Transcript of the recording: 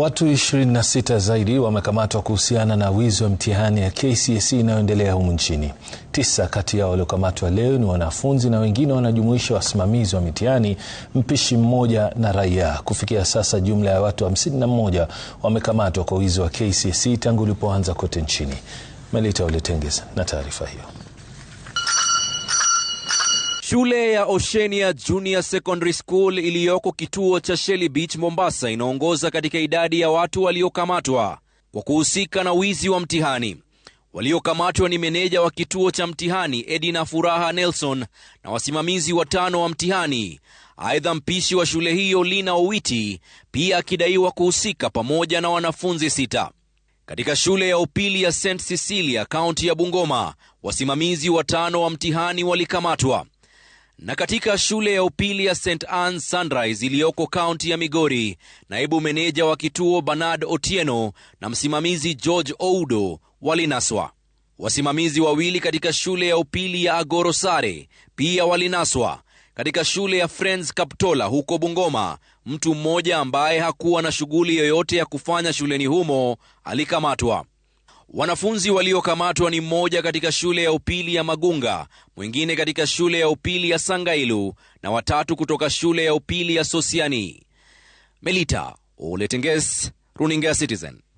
Watu 26 zaidi wamekamatwa kuhusiana na wizi wa mtihani ya KCSE inayoendelea humu nchini. Tisa kati yao waliokamatwa leo ni wanafunzi na wengine wanajumuisha wasimamizi wa mitihani, mpishi mmoja na raia. Kufikia sasa, jumla ya watu 51 wa wamekamatwa kwa wizi wa KCSE tangu ulipoanza kote nchini. Melita Oletengez na taarifa hiyo. Shule ya oshenia Junior Secondary School iliyoko kituo cha Shelly Beach Mombasa inaongoza katika idadi ya watu waliokamatwa kwa kuhusika na wizi wa mtihani. Waliokamatwa ni meneja wa kituo cha mtihani Edina Furaha Nelson na wasimamizi watano wa mtihani. Aidha, mpishi wa shule hiyo Lina Owiti pia akidaiwa kuhusika pamoja na wanafunzi sita. Katika shule ya upili ya St Cecilia, kaunti ya Bungoma, wasimamizi watano wa mtihani walikamatwa. Na katika shule ya upili ya St ann Sunrise iliyoko kaunti ya Migori, naibu meneja wa kituo Bernard Otieno na msimamizi George Oudo walinaswa. Wasimamizi wawili katika shule ya upili ya Agoro Sare pia walinaswa. Katika shule ya Friends Kaptola huko Bungoma, mtu mmoja ambaye hakuwa na shughuli yoyote ya kufanya shuleni humo alikamatwa. Wanafunzi waliokamatwa ni mmoja katika shule ya upili ya Magunga, mwingine katika shule ya upili ya Sangailu na watatu kutoka shule ya upili ya Sosiani. Melita Oletenges, Runinga Citizen.